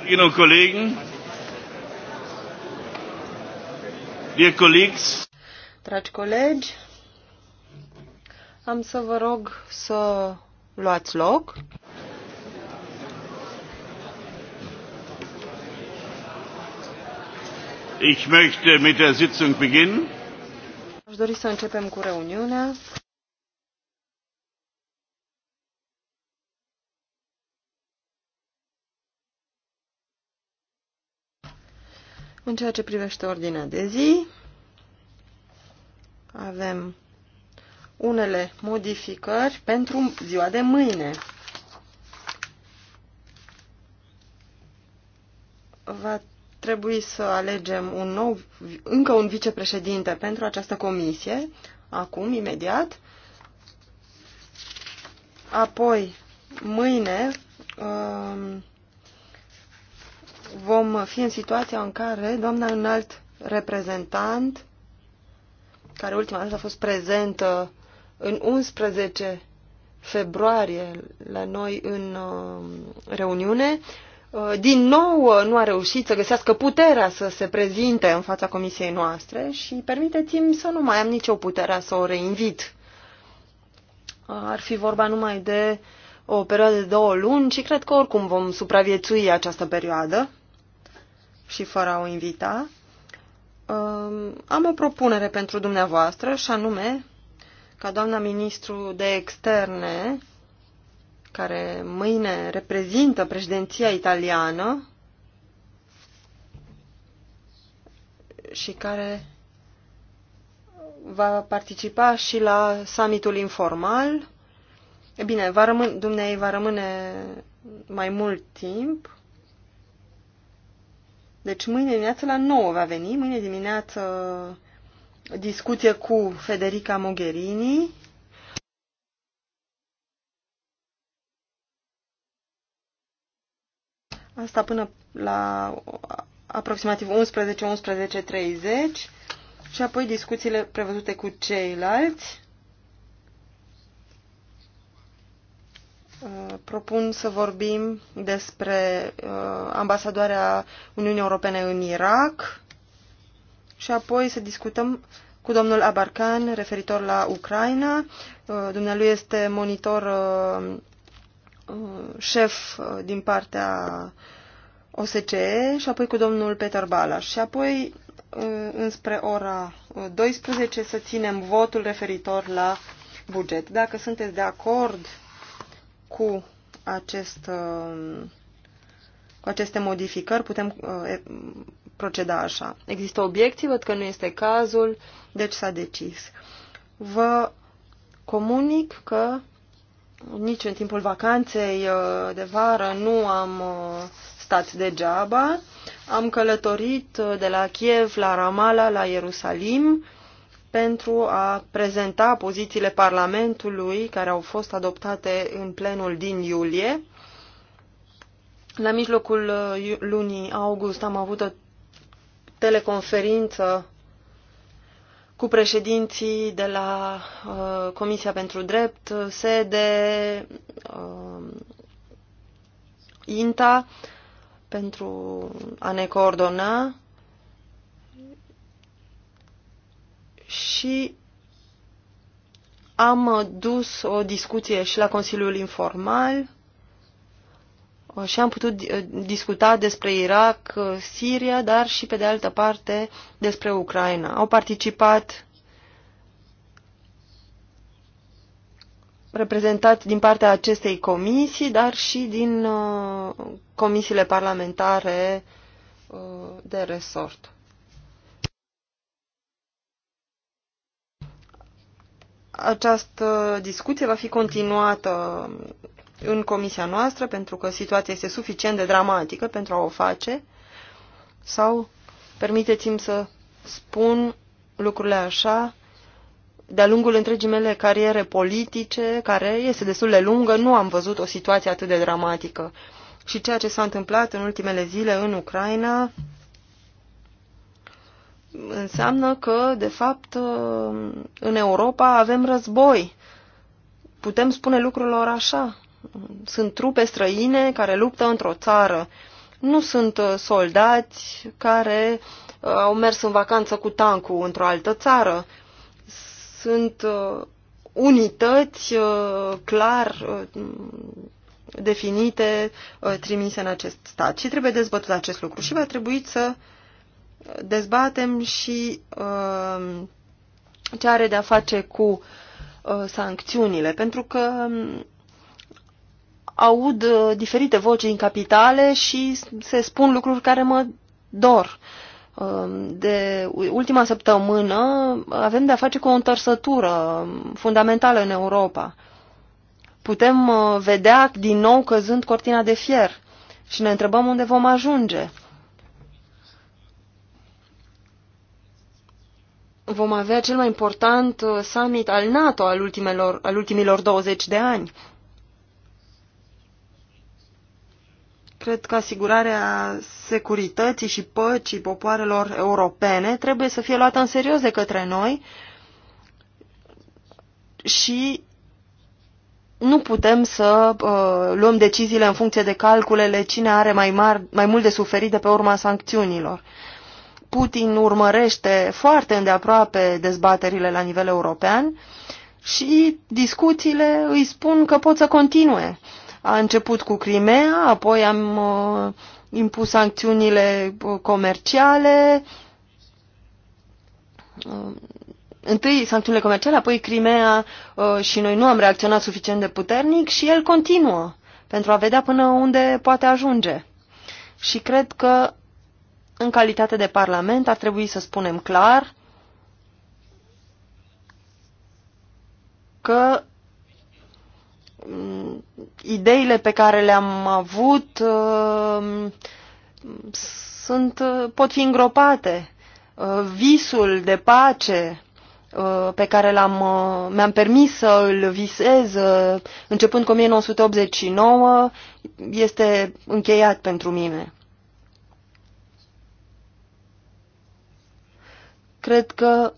Kolleginnen und Kollegen, dear colleagues, dragi colegi, am să vă rog să luați loc. Ich möchte mit der Sitzung beginnen. Aș dori să începem cu reuniunea. În ceea ce privește ordinea de zi, avem unele modificări pentru ziua de mâine. Va trebui să alegem un nou, încă un vicepreședinte pentru această comisie, acum, imediat. Apoi, mâine, um, vom fi în situația în care doamna înalt reprezentant, care ultima dată a fost prezentă în 11 februarie la noi în um, reuniune, uh, din nou uh, nu a reușit să găsească puterea să se prezinte în fața comisiei noastre și permiteți-mi să nu mai am nicio puterea să o reinvit. Uh, ar fi vorba numai de o perioadă de două luni și cred că oricum vom supraviețui această perioadă și fără a o invita, um, am o propunere pentru dumneavoastră și anume ca doamna ministru de externe, care mâine reprezintă președinția italiană și care va participa și la summitul informal. E bine, va rămâne, dumneai va rămâne mai mult timp deci mâine dimineață la 9 va veni, mâine dimineață discuție cu Federica Mogherini. Asta până la aproximativ 11-11.30 și apoi discuțiile prevăzute cu ceilalți. Uh, propun să vorbim despre uh, ambasadoarea Uniunii Europene în Irak și apoi să discutăm cu domnul Abarcan referitor la Ucraina. Uh, dumnealui este monitor șef din partea OSCE și apoi cu domnul Peter Balas. Și apoi înspre ora 12 să ținem votul referitor la buget. Dacă sunteți de acord cu, acest, uh, cu aceste modificări putem uh, proceda așa. Există obiecții, văd că nu este cazul, deci s-a decis. Vă comunic că nici în timpul vacanței uh, de vară nu am stat degeaba. Am călătorit de la Kiev la Ramala la Ierusalim, pentru a prezenta pozițiile Parlamentului care au fost adoptate în plenul din iulie. La mijlocul uh, lunii august am avut o teleconferință cu președinții de la uh, Comisia pentru Drept, sede, uh, um, INTA, pentru a ne coordona și am dus o discuție și la Consiliul Informal uh, și am putut uh, discuta despre Irak, uh, Siria, dar și pe de altă parte despre Ucraina. Au participat reprezentați din partea acestei comisii, dar și din comisiile parlamentare de resort. Această discuție va fi continuată în comisia noastră, pentru că situația este suficient de dramatică pentru a o face, sau permiteți-mi să spun lucrurile așa, de-a lungul întregii mele cariere politice, care este destul de lungă, nu am văzut o situație atât de dramatică. Și ceea ce s-a întâmplat în ultimele zile în Ucraina înseamnă că, de fapt, uh, în Europa avem război. Putem spune lucrurilor așa. Sunt trupe străine care luptă într-o țară. Nu sunt uh, soldați care uh, au mers în vacanță cu tancul într-o altă țară. Sunt unități clar definite, trimise în acest stat. Și trebuie dezbătut acest lucru și va trebui să dezbatem și uh, ce are de-a face cu uh, sancțiunile, pentru că um, aud uh, diferite voci în capitale și se spun lucruri care mă dor. Um, de ultima săptămână avem de-a face cu o întorsătură um, fundamentală în Europa. Putem vedea din nou căzând cortina de fier și ne întrebăm unde vom ajunge vom avea cel mai important uh, summit al NATO al, ultimelor, al ultimilor 20 de ani. Cred că asigurarea securității și păcii popoarelor europene trebuie să fie luată în serios de către noi și nu putem să uh, luăm deciziile în funcție de calculele cine are mai, mar, mai mult de suferit de pe urma sancțiunilor. Putin urmărește foarte îndeaproape dezbaterile la nivel european și discuțiile îi spun că pot să continue. A început cu Crimea, apoi am uh, impus sancțiunile uh, comerciale, uh, întâi sancțiunile comerciale, apoi Crimea uh, și noi nu am reacționat suficient de puternic și el continuă pentru a vedea până unde poate ajunge. Și cred că în calitate de Parlament ar trebui să spunem clar că mm, ideile pe care le-am avut mm, sunt, pot fi îngropate. Uh, visul de pace uh, pe care l-am, uh, mi-am permis să îl visez începând cu 1989 este încheiat pentru mine. Cred că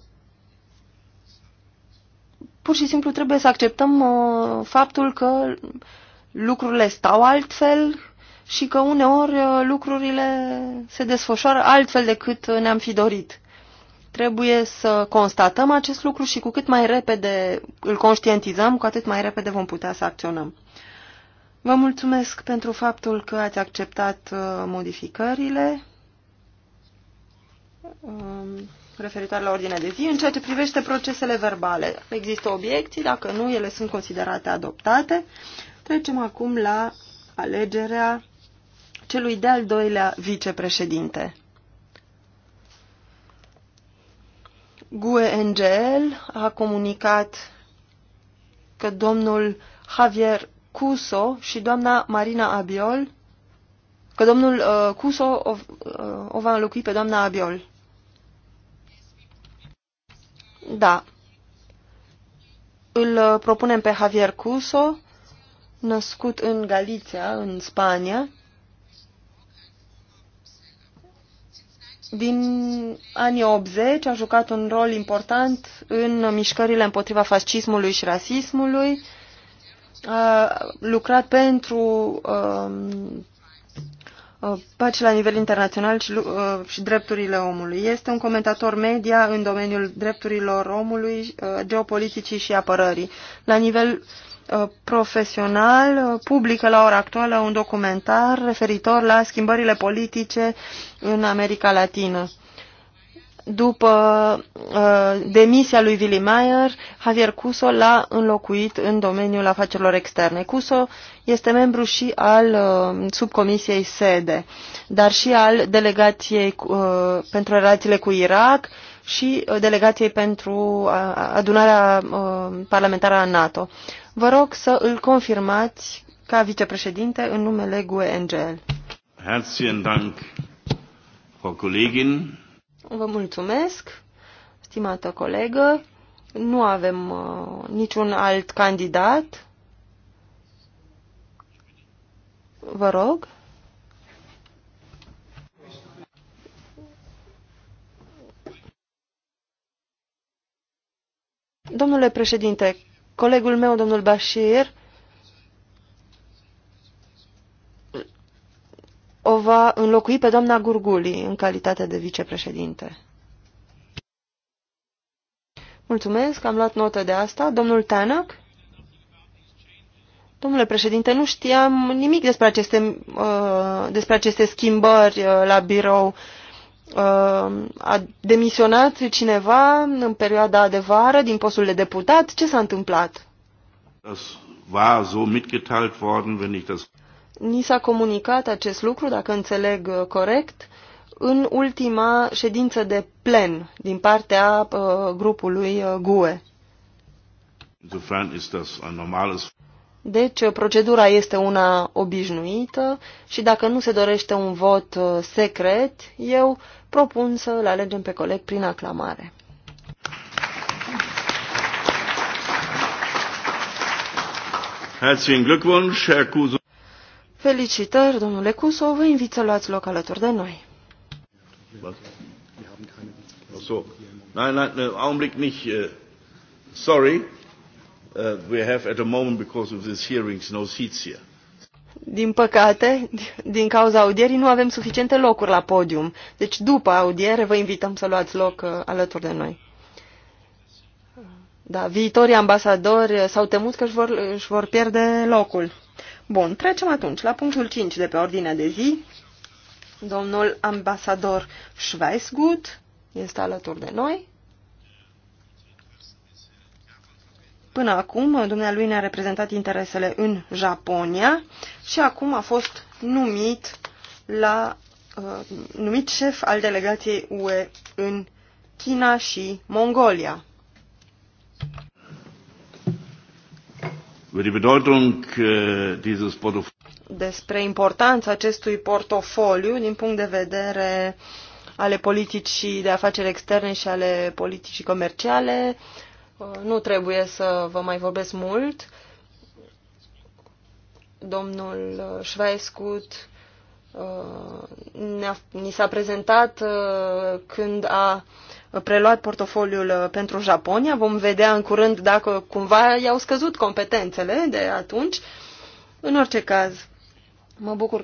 pur și simplu trebuie să acceptăm uh, faptul că lucrurile stau altfel și că uneori uh, lucrurile se desfășoară altfel decât uh, ne-am fi dorit. Trebuie să constatăm acest lucru și cu cât mai repede îl conștientizăm, cu atât mai repede vom putea să acționăm. Vă mulțumesc pentru faptul că ați acceptat uh, modificările. Um referitoare la ordinea de zi. În ceea ce privește procesele verbale, există obiecții, dacă nu, ele sunt considerate adoptate. Trecem acum la alegerea celui de-al doilea vicepreședinte. GUE NGL a comunicat că domnul Javier Cuso și doamna Marina Abiol, că domnul uh, Cuso o, uh, o va înlocui pe doamna Abiol. Da. Îl uh, propunem pe Javier Cuso, născut în Galicia, în Spania, din anii 80 a jucat un rol important în mișcările împotriva fascismului și rasismului, a lucrat pentru um, Uh, pace la nivel internațional și, uh, și drepturile omului. Este un comentator media în domeniul drepturilor omului, uh, geopoliticii și apărării. La nivel profesional publică la ora actuală un documentar referitor la schimbările politice în America Latină după uh, demisia lui Willy Mayer, Javier Cuso l-a înlocuit în domeniul afacerilor externe. Cuso este membru și al uh, subcomisiei SEDE, dar și al delegației uh, pentru relațiile cu Irak și uh, delegației pentru uh, adunarea uh, parlamentară a NATO. Vă rog să îl confirmați ca vicepreședinte în numele GUE-NGL. Herzlichen Dank, Frau Kollegin. Vă mulțumesc, stimată colegă. Nu avem uh, niciun alt candidat. Vă rog. Domnule președinte, colegul meu, domnul Bashir, o va înlocui pe doamna Gurguli în calitate de vicepreședinte. Mulțumesc, am luat notă de asta. Domnul Tanak? Domnule președinte, nu știam nimic despre aceste, uh, despre aceste schimbări uh, la birou. Uh, a demisionat cineva în perioada de vară din postul de deputat? Ce s-a întâmplat? Das war so mitgeteilt worden, wenn ich das... Ni s-a comunicat acest lucru, dacă înțeleg uh, corect, în ultima ședință de plen din partea uh, grupului uh, GUE. Deci, procedura este una obișnuită și dacă nu se dorește un vot secret, eu propun să-l alegem pe coleg prin aclamare. Herzlichen Glückwunsch, Herr Kuzo. Felicitări, domnule Cuso, vă invit să luați loc alături de noi. So. Nein, nein, äh, Augenblick nicht. Äh, sorry, äh, we have at the moment, because of these hearings, no seats here. Din păcate, din cauza audierii, nu avem suficiente locuri la podium. Deci, după audiere, vă invităm să luați loc uh, alături de noi. Da, viitorii ambasadori uh, s-au temut că își vor, își vor pierde locul. Bun, trecem atunci la punctul 5 de pe ordinea de zi. Domnul ambasador Schweisgut este alături de noi. Până acum, dumnealui ne-a reprezentat interesele în Japonia și acum a fost numit, la, uh, numit șef al delegației UE în China și Mongolia. Äh, despre importanța acestui portofoliu din punct de vedere ale politicii de afaceri externe și ale politicii comerciale. Uh, nu trebuie să vă mai vorbesc mult. Domnul Schweiscut uh, Uh, ni s-a prezentat uh, când a preluat portofoliul uh, pentru Japonia. Vom vedea în curând dacă cumva i-au scăzut competențele de atunci. În orice caz, mă bucur